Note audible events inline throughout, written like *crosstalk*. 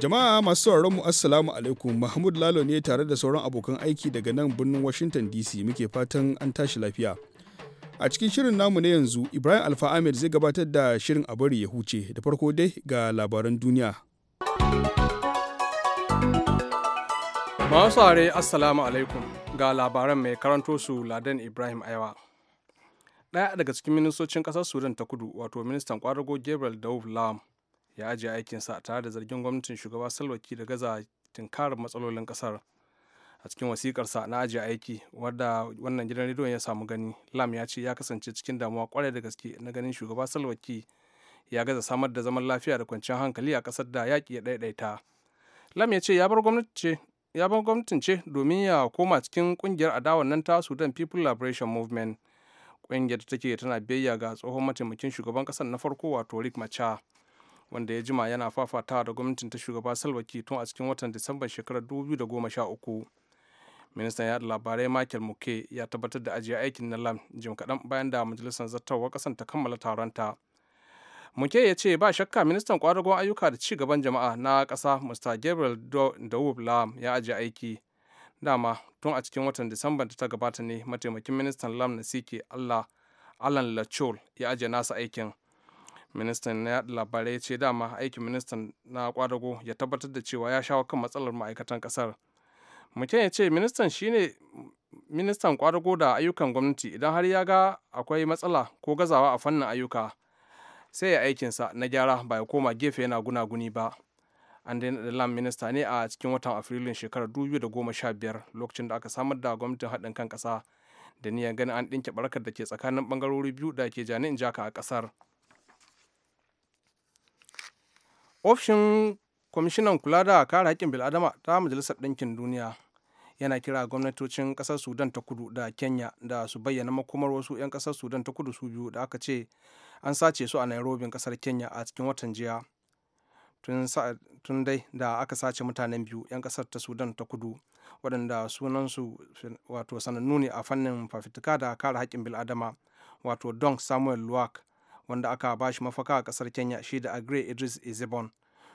Jama'a masu sauraron mu Assalamu alaikum Mahmud Lalo ne tare da sauran abokan aiki daga nan birnin Washington DC muke fatan an tashi lafiya. A cikin shirin namu na yanzu Ibrahim Alfa Ahmed zai gabatar da shirin a bari ya huce da farko dai ga labaran duniya. Masu are Assalamu alaikum ga labaran mai karanto su Ladan Ibrahim Aiwa. Ɗaya daga cikin ministocin ƙasar Sudan ta kudu wato ministan kwadago Gabriel Dauv Lam ya ajiye aikinsa tare da zargin gwamnatin shugaba salwa da gaza tinkarar matsalolin kasar a cikin wasikarsa na ajiye aiki wadda wannan gidan rediyon ya samu gani lam ya ce ya kasance cikin damuwa kwarai da gaske na ganin shugaba salwa ya gaza samar da zaman lafiya da kwanciyar hankali a kasar da yaƙi ya ɗaiɗaita lam ya ce ya bar gwamnati ya bar gwamnatin ce domin ya koma cikin kungiyar adawar nan ta sudan people liberation movement kungiyar da take tana biyayya ga tsohon mataimakin shugaban kasar na farko wato rick macha wanda ya jima yana fafatawa da gwamnatin ta shugaba salwa tun a cikin watan disamban shekarar 2013 ministan yada labarai michael muke ya tabbatar da ajiye aikin na lam jim kaɗan bayan da majalisar zartarwa kasan ta kammala taronta muke ya ce ba shakka ministan kwadagon ayyuka da ci gaban jama'a na ƙasa mr gabriel dawub lam ya ajiye aiki dama tun a cikin watan disamban da ta gabata ne mataimakin ministan lam na sike allah alan lachol ya ajiye nasa aikin ministan na yaɗa labarai ce dama aikin ministan na kwadago ya tabbatar da cewa ya shawo kan matsalar ma'aikatan kasar mutum ya ce ministan shine ministan kwadago da ayyukan gwamnati idan har ya ga akwai matsala ko gazawa a fannin ayyuka sai ya aikinsa na gyara ba ya koma gefe yana gunaguni ba an daina da lam minista ne a cikin watan afrilun shekarar 2015 lokacin da aka samar da gwamnatin haɗin kan ƙasa da niyan ganin an ɗinke barkar da ke tsakanin ɓangarori biyu da ke jani'in jaka a ƙasar Ofishin Kwamishinan Kula da Kare Haƙƙin Bil'adama ta Majalisar Ɗinkin Duniya yana kira gwamnatocin ƙasar Sudan ta Kudu da Kenya da su bayyana makomar wasu 'yan ƙasar Sudan ta Kudu su biyu da aka ce an sace su a Nairobi ƙasar Kenya a cikin watan jiya. Tun dai da aka sace mutanen biyu 'yan ƙasar ta Sudan ta Kudu waɗanda sunansu wato sanannu ne a fannin fafitika da kare haƙƙin bil'adama wato don Samuel Luwak wanda aka ba shi mafaka a kasar kenya shi da agre idris ezebon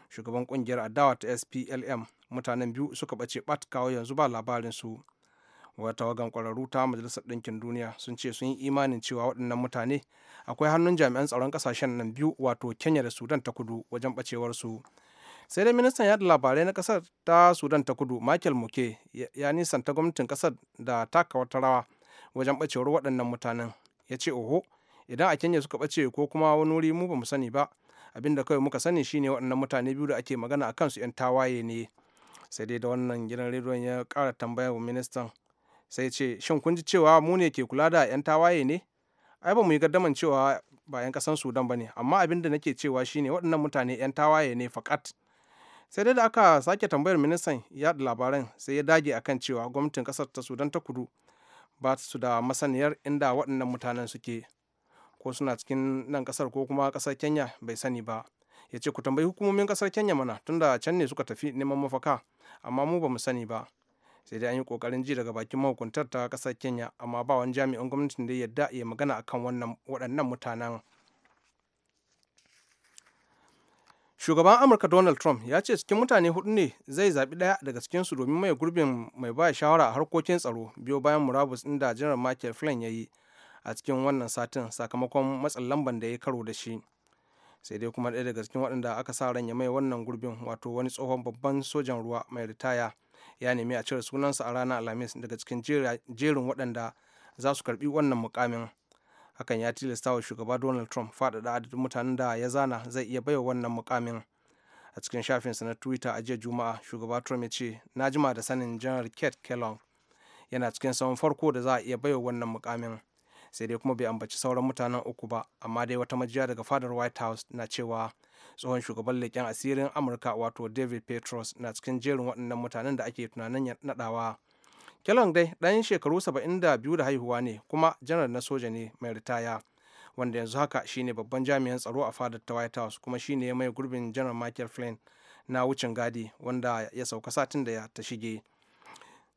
shugaban kungiyar adawa ta splm mutanen biyu suka bace bat kawo yanzu ba labarin su wata tawagan kwararru ta majalisar ɗinkin duniya sun ce sun yi imanin cewa waɗannan mutane akwai hannun jami'an tsaron ƙasashen nan biyu wato kenya da sudan ta kudu wajen bacewar su sai dai ministan yada labarai na ƙasar ta sudan ta kudu michael muke ya nisanta gwamnatin ƙasar da taka wata wajen ɓacewar waɗannan mutanen ya ce oho idan a kenya suka ɓace ko kuma wani wuri mu ba mu sani ba abin da kawai muka sani shine waɗannan mutane biyu da ake magana a kansu 'yan tawaye ne sai dai da wannan gidan rediyon ya kara tambaya wa ministan sai ce shin kun ji cewa mu ne ke kula da 'yan tawaye ne ai ba mu yi gaddaman cewa ba 'yan kasan sudan ba ne amma abin da nake cewa shine waɗannan mutane 'yan tawaye ne fakat sai dai da aka sake tambayar ministan yaɗa labaran sai ya dage akan cewa gwamnatin ƙasar ta sudan ta kudu ba su da masaniyar inda waɗannan mutanen suke ko suna cikin nan kasar ko kuma kasar kenya bai sani ba ya ce ku tambayi hukumomin kasar kenya mana tunda can ne suka tafi neman mafaka amma mu ba mu sani ba sai dai an yi kokarin ji daga bakin mahukuntar ta kasar kenya amma ba wani jami'in gwamnatin da yadda ya magana akan wannan waɗannan mutanen shugaban amurka donald trump ya ce cikin mutane hudu ne zai zaɓi ɗaya daga cikin su domin mai gurbin mai ba shawara a harkokin tsaro biyo bayan murabus inda janar michael flynn ya yi a cikin wannan satin sakamakon matsin lamban da ya karo da shi sai dai kuma ɗaya daga cikin waɗanda aka sa ran ya mai wannan gurbin wato wani tsohon babban sojan ruwa mai ritaya ya nemi a cire sunansa a ranar alhamis daga cikin jerin waɗanda za su karɓi wannan mukamin hakan ya tilasta wa shugaba donald trump faɗaɗa adadin mutanen da ya zana zai iya baiwa wannan mukamin a cikin shafinsa na twitter a jiya juma'a shugaba trump ya ce na jima da sanin janar kate kellogg yana cikin saman farko da za a iya baiwa wannan mukamin sai dai kuma bai ambaci sauran mutanen uku ba amma dai wata majiya daga fadar white house na cewa tsohon shugaban leƙen asirin amurka wato david petros na cikin jerin waɗannan mutanen da ake tunanin naɗawa kellogg dai ɗan shekaru saba'in da biyu da haihuwa ne kuma janar na soja ne mai ritaya wanda yanzu haka shine babban jami'in tsaro a fadar ta white house kuma shine mai gurbin janar michael flynn na wucin gadi wanda ya sauka satin da ya ta shige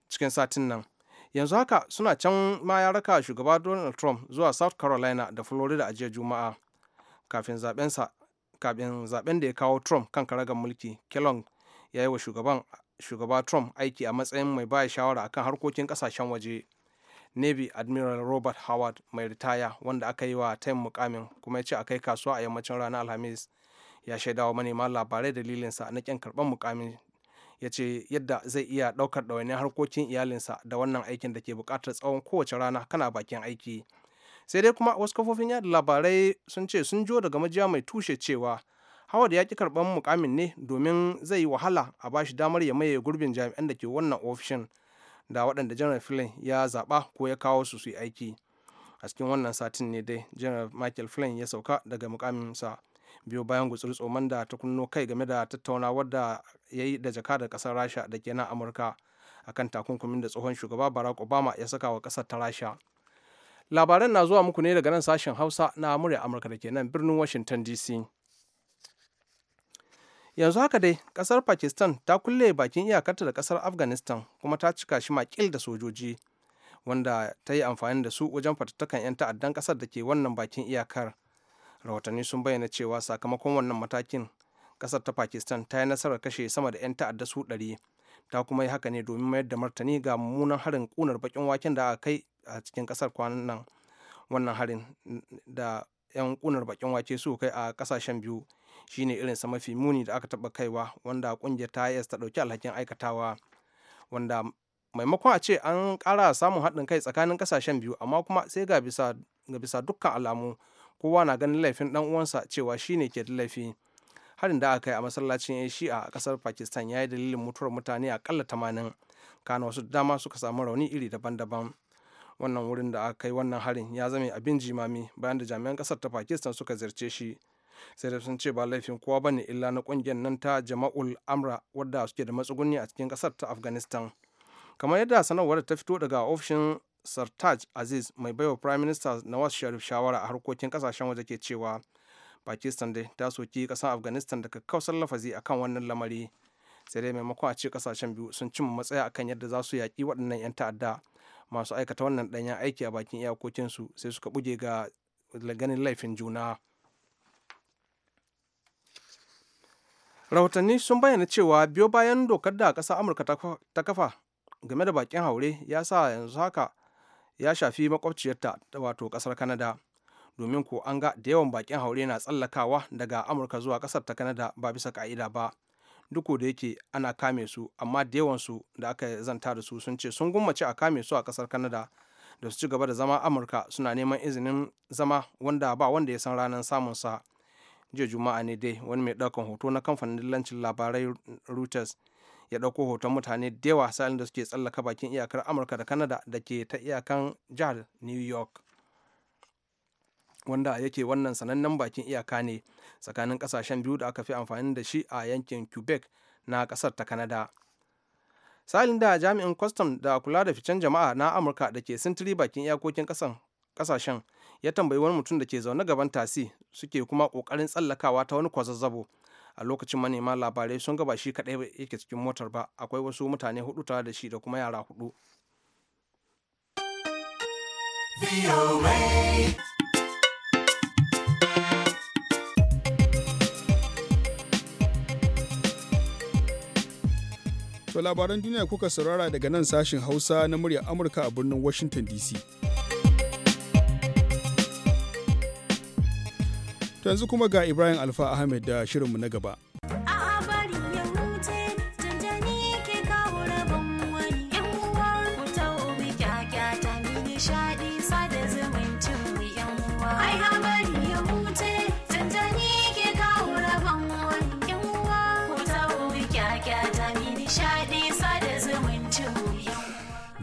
cikin satin nan yanzu haka suna can ma ya raka shugaba donald trump zuwa south carolina da florida a jiya juma'a kafin zaben da ya kawo trump kan karagar mulki kellogg ya yi wa shugaba trump aiki a matsayin mai baya shawara akan harkokin kasashen waje navy admiral robert howard mai ritaya wanda aka yi wa tayin mukamin kuma ya ce a kai kasuwa a yammacin ranar alhamis ya shaidawa manema labarai dalilinsa na kyan karban mukamin ya ce yadda zai iya ɗaukar ɗawainiyar harkokin iyalinsa da wannan aikin da ke buƙatar tsawon kowace rana kana bakin aiki sai dai kuma wasu kafofin yada labarai sun ce sun jo daga majiya mai tushe cewa howard ya ki karɓar mukamin ne domin zai yi wahala a ba shi damar ya maye gurbin jami'an da ke wannan ofishin da waɗanda general flynn ya zaɓa ko ya kawo su su yi aiki a cikin wannan satin ne dai general michael flynn ya sauka daga mukaminsa biyo bayan gutsuri tsoman da ta kunno kai game da tattaunawar da ya yi da jaka da kasar rasha da ke nan amurka akan takunkumin da tsohon shugaba barack obama ya saka wa kasar ta rasha labaran na zuwa muku ne daga nan sashen hausa na murya amurka da ke nan birnin washington dc yanzu haka dai kasar pakistan ta kulle bakin iyakarta da kasar afghanistan kuma ta cika shi makil da sojoji wanda ta yi amfani da su wajen fatattakan 'yan ta'addan kasar da ke wannan bakin iyakar rahotanni sun bayyana cewa sakamakon wannan matakin kasar ta pakistan ta yi nasarar kashe sama da 'yan ta'adda su 100 ta kuma yi haka ne domin mayar da martani ga mummunan harin kunar bakin waken da aka kai a cikin kasar kwanan nan wannan harin da 'yan kunar bakin wake su kai a kasashen biyu shine irin sa mafi muni da aka taba kaiwa wanda kungiyar ta yes ta dauki alhakin aikatawa wanda maimakon a ce an kara samun haɗin kai tsakanin kasashen biyu amma kuma sai ga bisa ga bisa dukkan alamu kowa na ganin laifin dan uwansa cewa shi ne ke da laifi harin da aka yi a masallacin yan shi'a a kasar pakistan ya yi dalilin mutuwar mutane akalla tamanin kana wasu dama suka samu rauni iri daban-daban wannan wurin da aka kai wannan harin ya zame abin jimami bayan da jami'an kasar ta pakistan suka zirce shi sai da sun ce ba laifin kowa ba ne illa na kungiyar nan ta jama'ul amra wadda suke da matsuguni a cikin kasar ta afghanistan kamar yadda sanarwar ta fito daga ofishin sartaj aziz mai baiwa prime minister nawaz sharif shawara a harkokin kasashen waje ke cewa pakistan dai ta soki kasar afghanistan da kausar lafazi akan wannan lamari sai dai maimakon a ce kasashen biyu sun cimma matsaya akan yadda za su yaƙi waɗannan 'yan ta'adda masu aikata wannan ɗanyen aiki a bakin iyakokinsu sai suka buge ga ganin laifin juna rahotanni sun bayyana cewa biyo bayan dokar da ƙasar amurka ta kafa game da bakin haure ya sa yanzu haka ya shafi makwabciyarta wato kasar kanada Domin ko an ga da yawan bakin haure na tsallakawa daga Amurka zuwa kasar ta Canada ba bisa ka'ida ba. Duk da yake ana kame su amma da yawansu da aka zanta da su sun ce sun gummace a kame su a kasar kanada da su ci gaba da zama Amurka suna neman izinin zama wanda ba wanda ya san ranar samun sa jiya juma'a ne dai wani mai ɗaukan hoto na kamfanin dillancin labarai reuters ya ɗauko hoton mutane da yawa sa'ilin da suke tsallaka bakin iyakar amurka da kanada da ke ta iyakan jihar new york wanda yake wannan sanannen bakin iyaka ne tsakanin kasashen biyu da aka fi amfani da shi a yankin quebec na kasar ta kanada salin da jami'in kwastam da kula da ficen jama'a na amurka da ke sintiri bakin iyakokin kasashen ya tambayi wani mutum da ke zaune gaban tasi suke kuma kokarin tsallakawa ta wani kwazazzabo a lokacin manema labarai sun gaba shi kaɗai yake cikin motar ba akwai wasu mutane hudu tare da shi da kuma yara hudu To labaran duniya kuka saurara daga nan sashin Hausa na muryar Amurka a birnin Washington DC. To yanzu kuma ga Ibrahim Alfa Ahmed da shirinmu na gaba.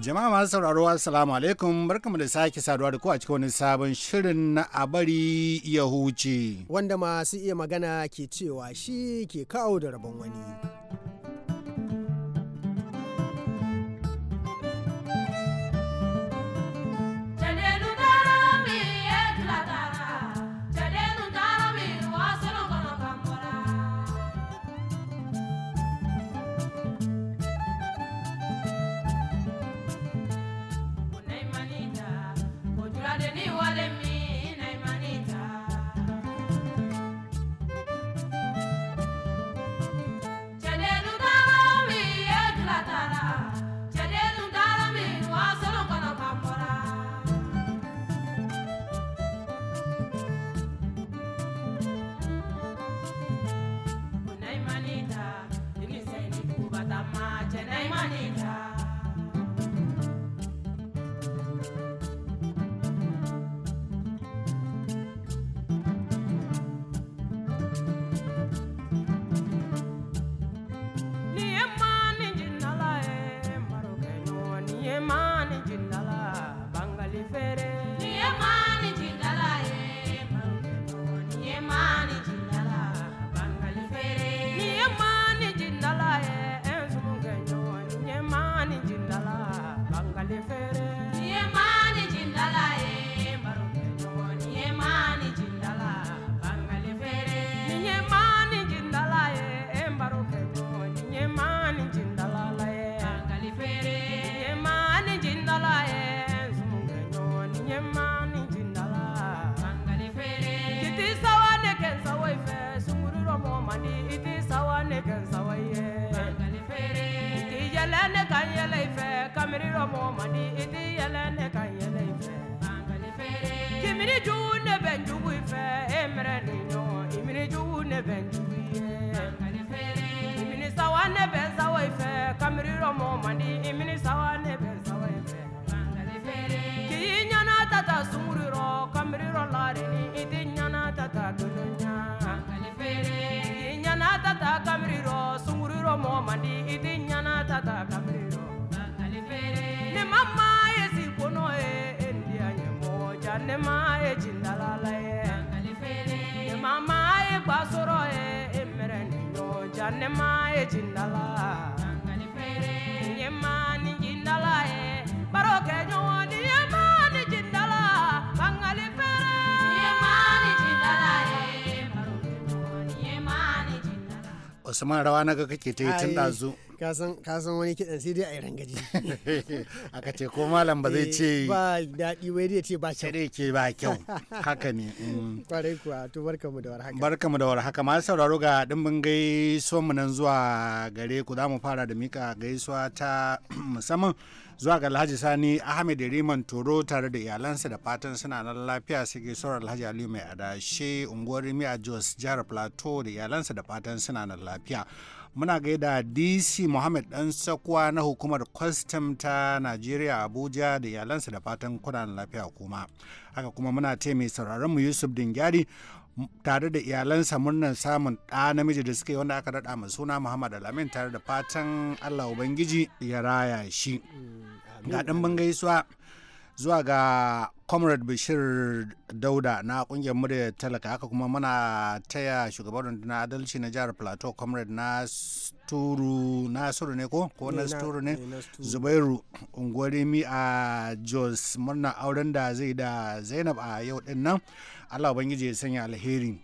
Jama'a masu sauraro assalamu alaikum barkamu da sake saduwa da ku a cikin wani sabon shirin na abari ya huce. Wanda masu iya magana ke cewa shi ke kawo da rabon wani. Hallelujah. mɔgɔ man i tɛ ɲana ta ta ka feere rɔ ma maa ye si kɔnɔ ye e nin diya ɲɛmɔgɔ ja ne ma ye ye ma maa ye sɔrɔ ye e ja ne ma ye jindala usman rawa na ga kake ta yi tun ɗazu ka san wani kiɗan sai dai a yi rangaji *laughs* aka ce ko malam ba zai eh, ce ba daɗi wai dai ce ba kyau sai ce ba kyau *laughs* haka ne mm. kwarai kuwa to barka mu da haka barka mu da haka masu sauraro ga dimbin gaisuwan mu nan zuwa gare ku zamu mu fara da mika gaisuwa ta *clears throat* musamman zuwa ga alhaji sani ahmed riman toro tare da iyalansa da fatan suna nan lafiya sai gaisuwar alhaji aliyu mai adashe unguwar rimi a jos jihar plateau da iyalansa da fatan suna nan lafiya muna gaida dc mohammed dan sakwa na hukumar kwastam ta nigeria abuja da iyalansa da fatan kudanan lafiya kuma haka kuma muna ce mai sauraron mu yusuf dingyari tare da iyalansa murnar samun ɗa namiji da suke wanda aka daɗa mai suna muhammad alamin tare da fatan allah ubangiji ya raya shi mm, ga ɗan bangaisuwa zuwa ga comrade bashir dauda na kungiyar murya talaka haka kuma muna taya shugaban rundunar adalci na jihar plateau comrade na turu suru ne ko ko eh, na turu ne eh, zubairu ungwarimi a jos murna auren da zai da zainab a yau din nan allah ubangiji ya sanya alheri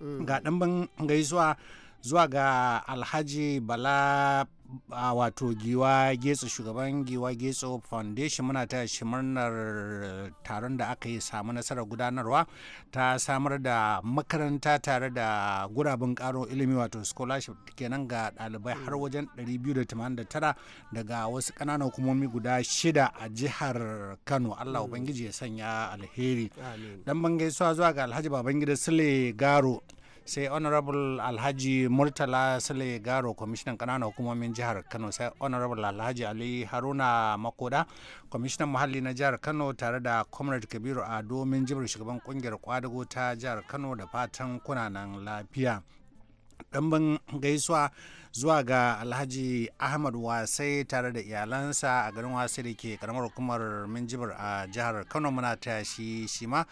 mm. ga ɗan gaisuwa zuwa ga alhaji bala a wato giwa getso shugaban giwa getso foundation muna ta shi murnar taron da aka yi samu nasarar gudanarwa ta samar da makaranta tare da guraben karo ilimi wato scholarship kenan ga dalibai har mm. wajen 289 daga wasu kananan hukumomi guda shida a jihar kano allah mm. ubangiji ya sanya alheri dan bangaisuwa zuwa ga alhaji babangida sule garo sai honorable alhaji murtala sule garo kwamishinan kananan hukumomin jihar kano sai honorable alhaji ali haruna makoda kwamishinan muhalli na jihar kano tare da comrade kabiru a domin jibir shugaban kungiyar kwadago ta jihar kano da fatan kunanan lafiya ɗanban gaisuwa zuwa ga alhaji ahmad wasai tare da iyalansa a garin wasai da ke karamar hukumar minjibir a jihar kano muna tashi shi ma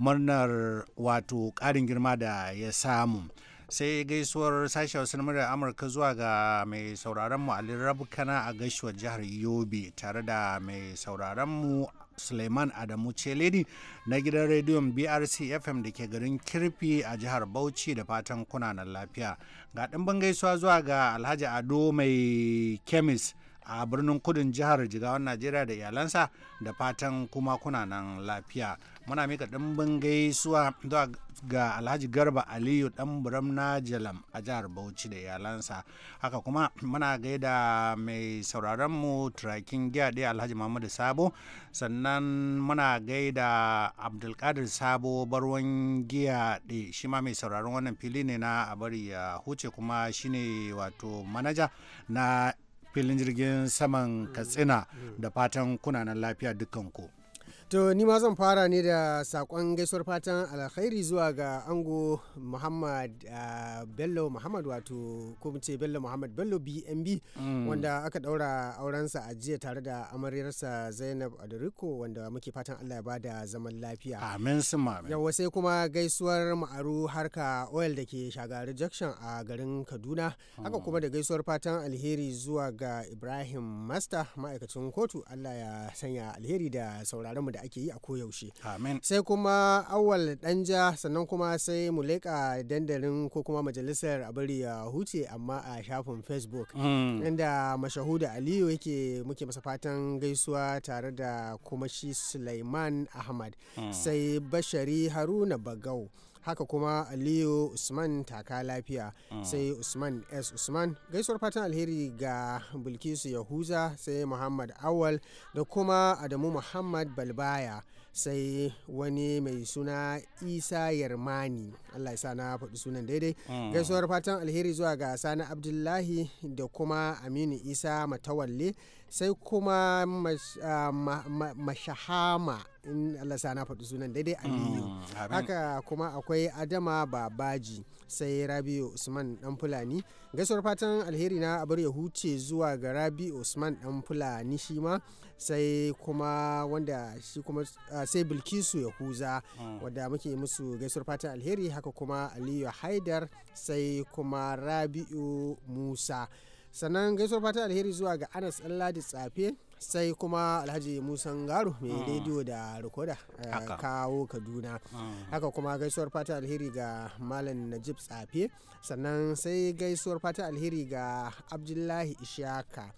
murnar wato ƙarin girma da ya samu sai gaisuwar sashen wasu murya amurka zuwa ga mai sauraron mu ali rabkana a gaisuwa jihar yobe tare da mai sauraron mu suleiman adamu celedi na gidan rediyon brc fm da ke garin kirfi a jihar bauchi da fatan kunanan lafiya ga ɗimbin gaisuwa zuwa ga alhaji ado mai kemis a birnin kudin jihar jigawan najeriya da iyalansa da fatan kuma kuna nan lafiya muna mika ɗimbin gaisuwa zuwa ga alhaji garba aliyu dan buram na jalam a jihar bauchi da iyalansa haka kuma muna gaida mai sauraron mu turakin ɗaya alhaji muhammadu sabo sannan muna gaida abdulkadir sabo barwan gyaɗe shi ma mai sauraron wannan fili ne na a bari ya huce kuma shine wato manaja na filin jirgin saman katsina da fatan kunanan lafiya dukanku. To ni ma zan fara ne da sakon gaisuwar fatan alkhairi zuwa ga ango Muhammad ah, Bello Muhammad wato ko ce Bello Muhammad Bello BNB mm. wanda aka daura aurensa a jiya tare da amaryarsa Zainab Adoriko wanda muke fatan Allah ya ba da zaman lafiya. Amin suma. sai kuma gaisuwar ma'aru harka oil da ke shaga Junction a garin Kaduna. Haka kuma da gaisuwar fatan alheri zuwa ga Ibrahim Master ma'aikacin kotu Allah ya sanya alheri da sauraron mu da ake yi a koyaushe sai kuma awal danja sannan kuma sai mu leƙa dandalin ko kuma majalisar abari ya huce amma a shafin facebook mm. inda mashahuda aliyu yake muke masa fatan gaisuwa tare da kuma shi suleiman ahmad mm. sai bashari haruna bagau haka kuma aliyu usman taka lafiya ah. sai usman s usman gaisuwar fatan alheri ga bilkisu yahuza sai muhammad awal da kuma adamu muhammad balbaya sai wani mai suna isa yarmani allah ya sa na faɗi sunan daidai ah. gaisuwar fatan alheri zuwa ga sani abdullahi da kuma aminu isa matawalle sai kuma ah, mashahama in Allah sa na faɗi sunan daidai mm, aliyu haka kuma akwai adama babaji sai rabi'u usman dan fulani gaisuwar fatan alheri na abar ya huce zuwa ga rabi'u usman dan fulani shi ma sai kuma wanda shi kuma ah, sai bilkisu ya huza mm. wadda muke musu gaisuwar fatan alheri haka kuma aliyu haidar sai kuma rabi'u musa sannan gaisuwar fata alheri zuwa ga anas ladi tsafe sai kuma alhaji musan garo mai ah. rediyo da rikoda eh, kawo kaduna ah. haka kuma gaisuwar fata alheri ga malam najib tsafe sannan sai gaisuwar fata alheri ga abdullahi ishaka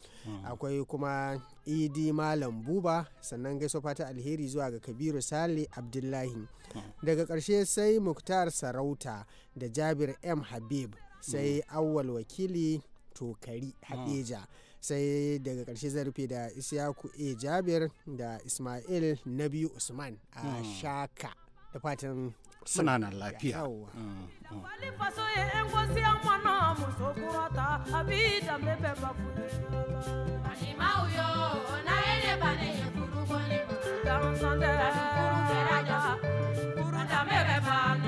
ah. akwai kuma idi malam buba sannan gaisuwar fata alheri zuwa ga kabiru sale abdullahi daga ƙarshe sai muktar sarauta da jabir m habib sai mm. awwal wakili tokari hmm. hadeja sai daga karshe zai rufe da isyaku e jabir da ismail na biyu usman a hmm. shaka da fatan suna nan lafiya Danzande, puru keraja, puru tamebe bana.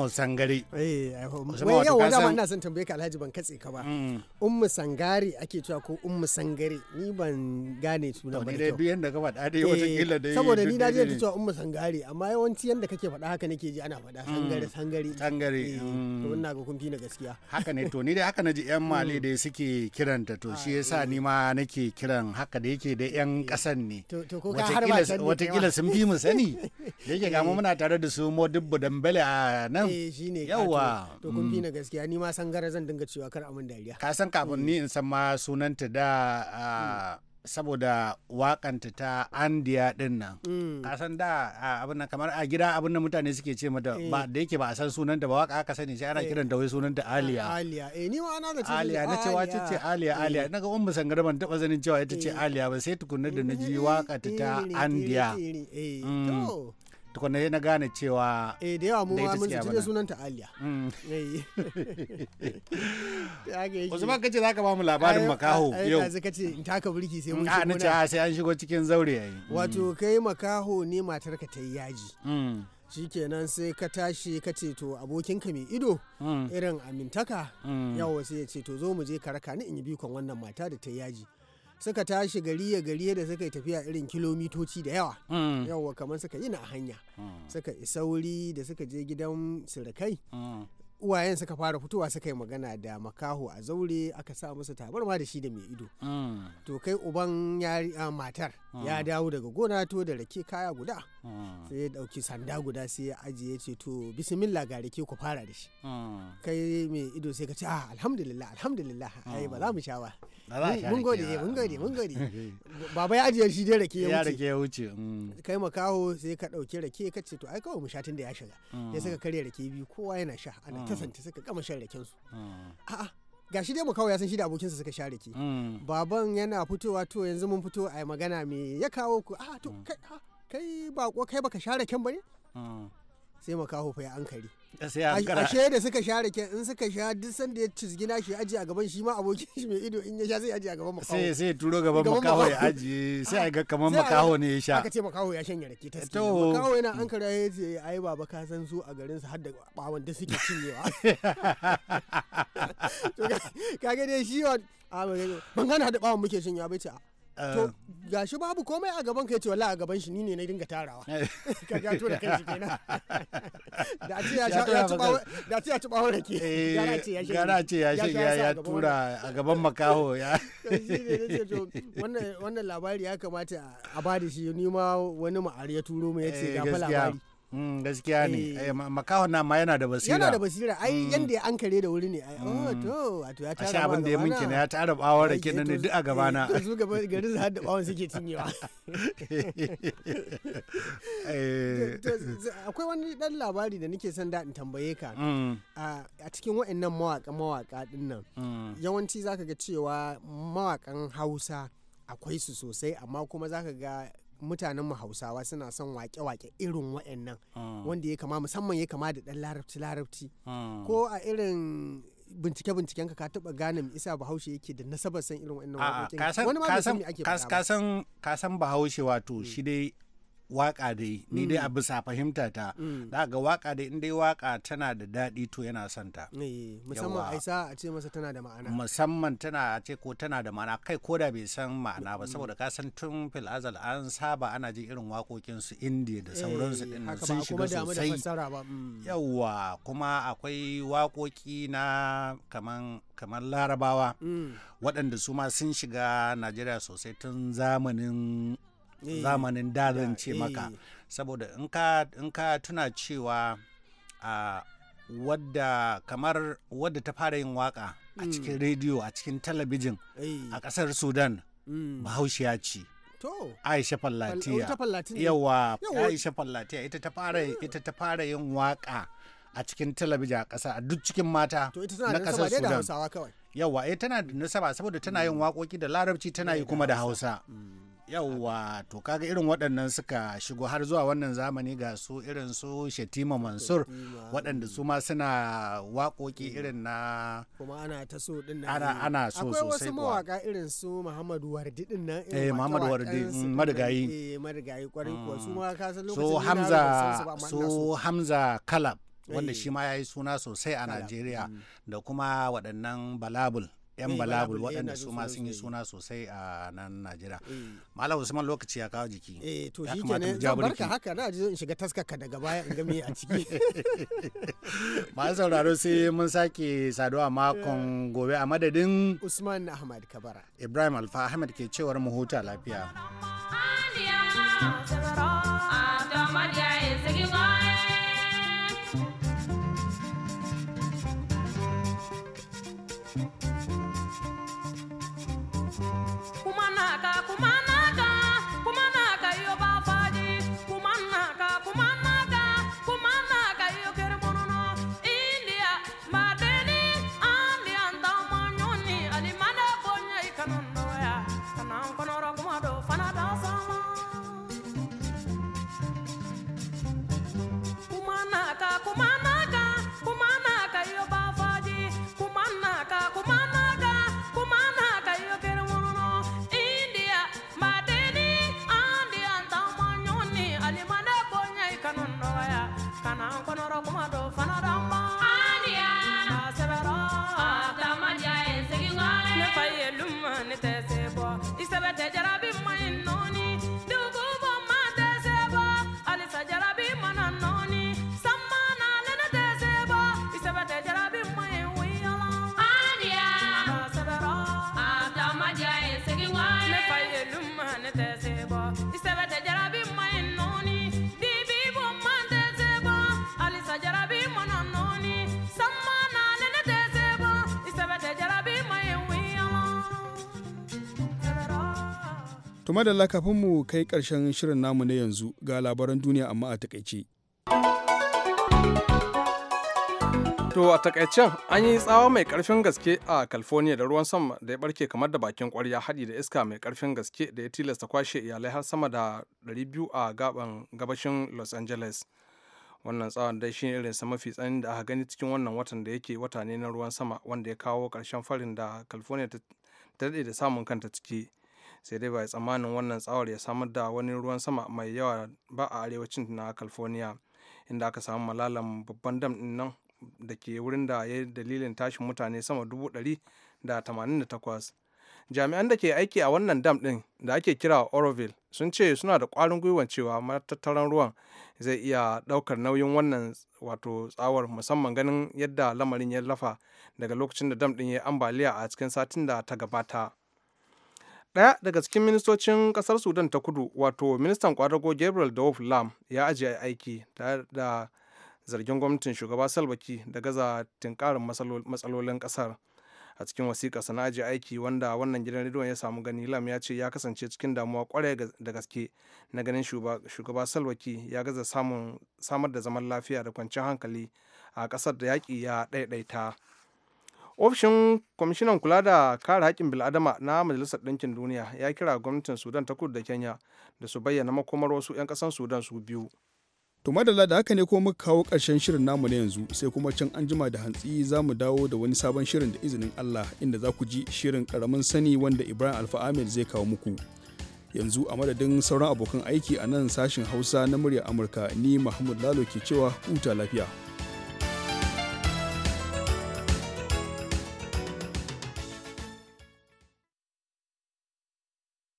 ummu Sangari. Eh, wai yau dama ina son tambaye ka alhaji ban katse ka ba mm. ummu sangare ake cewa ko ummu Sangari ni ban gane sunan ba Ne biyan da ka faɗa dai eh, wata kila da. saboda ni na ji ta cewa ummu Sangari amma yawanci yanda kake faɗa haka nake ji ana faɗa mm, sangare sangare Sangari. Eh, to mm. ina ga kun na gaskiya haka ne to ni dai haka naji yan mali da suke kiranta to shi ah, yasa ni ma nake kiran haka da yake da yan kasan ne to ko ka har ba wata kila sun fi mu sani *laughs* da yake mu muna tare da su modibbo dambale a nan Eh, shi ne yawa to kun fi na mm. gaskiya ni ma san gara zan dinga cewa kar amin dariya ka san kafin eh. ni in san ma sunanta da mm. saboda wakanta ta andiya din nan mm. kasan da abin nan kamar a gida abin nan mutane suke ce mata ba eh. da yake ba a san sunanta ba waka aka sani sai ana kiran da wai sunanta aliya ah, aliya eh ni ma ana da aliya na cewa ce ce aliya aliya naga um san garban taba sanin cewa ita ce aliya ba sai tukunna da naji waka ta eh to tukwane na gane cewa eh da yawa mu ma mun ji da sunanta aliya wasu mm. eh. *laughs* ba kace zaka ba mu labarin makaho yau yanzu kace in taka burki sai mun shigo mm, na ce ah, sai an shigo cikin zaure yayi mm. wato kai makaho ne ka ta yi yaji shikenan sai ka tashi ka ce to abokinka mai ido irin amintaka yawa sai ya ce to zo mu je ka raka ni in yi bikon wannan mata da ta yaji suka tashi gari ya gari da suka yi tafiya irin kilomitoci da yawa mm. yawa kamar suka yi na hanya mm. suka isa wuri da suka je gidan sirikai mm. uwayen suka fara fitowa suka yi magana da makaho a zaure aka sa masa tabarma da shi da mai ido mm. to kai uban matar mm. ya dawo daga gona to da rake kaya guda mm. sai ya dauki sanda guda sai ya ajiye ce to bismillah ga rake ku fara da shi kai mai ido sai ka ce ah alhamdulillah alhamdulillah ai ba za mu sha ba mun gode mun gode mun gode *laughs* baba ya ajiye shi dai rake ya wuce ya wuce kai makaho sai ka dauki rake ka ce to ai kawai mu sha tun da ya shiga sai suka karya rake biyu kowa yana sha ana kasance suka kama shan raken su hmm. a'a gashi dai mu kawai ya san shi da abokinsa suka share ki hmm. baban yana fitowa to yanzu mun fito a magana me ya kawo ku a to hmm. kai bako kai baka share ba bane sai kawo fa ya ankari ashe da suka sha rake in suka sha duk sanda ya na shi aji a gaban shi ma abokin shi mai ido in ya sha sai aji a gaban makaho sai sai turo gaban makaho ya aji sai ga kamar makaho ne ya sha aka ce makaho ya shanya rake ta to makaho yana an kara ya ce ai baba ka san su a garin su har da bawon da suke cinyewa *laughs* to kage dai shi ban gana da bawan muke cinyewa bai ce a Eh, to gashi babu komai a gaban ka yace wallahi a gaban shi ni ne na dinga tarawa eh. *laughs* ka ga to *laughs* da kai shi kenan da ce ya da ce ya tuba rake gara ce ya sha ce eh, *laughs* ya ya tura a gaban makaho ya wannan labari ya kamata a bada shi ni ma wani ma'ari ya turo mu ya ga fa labari Mm, gaskiya ne eh. eh, makahon na ma yana da basira yana da basira ai mm. yanda ya ankare da wuri ne ai mm. oh, to wato ya tara abin da ya mun kenan ya tara bawon rake ne duk a gaba na su gaba garin zahar da bawon suke cinyewa *laughs* eh. akwai wani dan labari da nake son da in tambaye ka a cikin waɗannan mawaka mawaka din nan yawanci zaka ga cewa mawakan Hausa akwai su sosai amma kuma zaka ga mutanen mu hausawa suna son wake-wake irin waɗannan ah. wanda ya kama musamman ya kama da dan larabci-larabci ah. ko a irin bincike-binciken ka taɓa gane isa bahaushe yake da nasabar san irin waɗannan wani ma ake ka san bahaushe wato hmm. shi dai waka dai ni dai a mm. bisa fahimta ta da mm. ga waka dai in dai waka tana da daɗi to yana son ta eh, musamman aisa a ce masa tana da ma'ana musamman tana a ce ko tana da ma'ana kai ko da bai san ma'ana ba mm. saboda ka san tun fil azal an saba ana ji irin wakokin su indiya da sauransu eh, din sun shiga sosai yawa kuma akwai waƙoƙi na kaman kamar larabawa waɗanda su ma sun shiga najeriya sosai tun zamanin Eh. zamanin da zan ce maka eh. saboda in ka tuna cewa a wadda kamar wadda ta fara yin waka a hmm. cikin rediyo a cikin talabijin eh. a kasar sudan hmm. bahaushiya ce aisha fallatiya yawa aisha fallatiya ita ta fara yin waka a cikin talabijin a kasa a duk cikin mata na kasar sudan yawa tana da nasaba saboda tana yin hmm. wakoki da larabci tana yi kuma da hausa yauwa to kaga irin waɗannan suka shigo har zuwa wannan zamani ga su irin su shatima mansur waɗanda su ma suna waƙoƙi mm. irin na kuma ana ta so din nan ana ana so sosai kuwa akwai wasu mawaka irin su muhammadu wardi din nan eh muhammadu wardi madigayi mm, eh madigayi kwarin ko su mm. ma ka san lokacin so hamza so hamza kalab wanda eh. shi ma yayi suna sosai a najeriya da kuma waɗannan balabul yan eh, balabul eh, waɗanda su ma sun yi suna sosai a nan najira eh. malam usman lokaci ya kawo jiki eh to shi kenan barka haka na ji in shiga taskaka daga baya in ga me a ciki *laughs* masu sauraro sai mun sake saduwa makon gobe a madadin usman ahmad kabara ibrahim alfa ahmad ke cewar mu huta lafiya To da kafin mu kai karshen shirin namu na yanzu ga labaran duniya amma a takaice. To a takaicen an yi tsawa mai karfin gaske a California da ruwan sama da ya barke kamar da bakin kwarya haɗi da iska mai karfin gaske da ya tilasta kwashe iyalai har sama da 200 a gaban gabashin Los Angeles. Wannan tsawon dai shine irin sa mafi tsanani da aka gani cikin wannan watan da yake wata ne na ruwan sama wanda ya kawo ƙarshen farin da California ta daɗe da samun kanta ciki. sai dai ba tsammanin wannan tsawar ya samar da wani ruwan sama mai yawa ba a arewacin na california inda aka samu malalan babban dam din nan da ke wurin da ya dalilin tashin mutane sama dubu ɗari da tamanin da takwas jami'an da ke aiki a wannan dam din da ake kira oroville sun ce suna da kwarin gwiwan cewa matattaran ruwan zai iya ɗaukar nauyin wannan wato tsawar musamman ganin yadda lamarin ya lafa daga lokacin da dam din ya ambaliya a cikin satin da ta gabata daya daga cikin ministocin ƙasar sudan ta kudu wato ministan kwadago gabriel daov lam ya ajiye aiki tare da zargin gwamnatin shugaba salbaki da gaza tinkarin matsalolin ƙasar a cikin wasiƙa na ajiye aiki wanda wannan gidan rediyon ya samu gani lam ya ce ya kasance cikin damuwa kwarai da gaske na ganin shugaba salwaki ya gaza samun samar da zaman lafiya da kwanciyar hankali a ƙasar da yaƙi ya ɗaiɗaita. ofishin kwamishinan kula da kare haƙƙin bil'adama na majalisar ɗinkin duniya ya kira gwamnatin sudan ta kudu da kenya da su bayyana makomar wasu 'yan ƙasan sudan su biyu to madalla da haka ne ko muka kawo ƙarshen shirin namu na yanzu sai kuma can an jima da hantsi za mu dawo da wani sabon shirin da izinin allah inda za ku ji shirin ƙaramin sani wanda ibrahim alfa ahmed zai kawo muku yanzu a madadin sauran abokan aiki a nan sashin hausa na murya amurka ni mahmud lalo ke cewa huta lafiya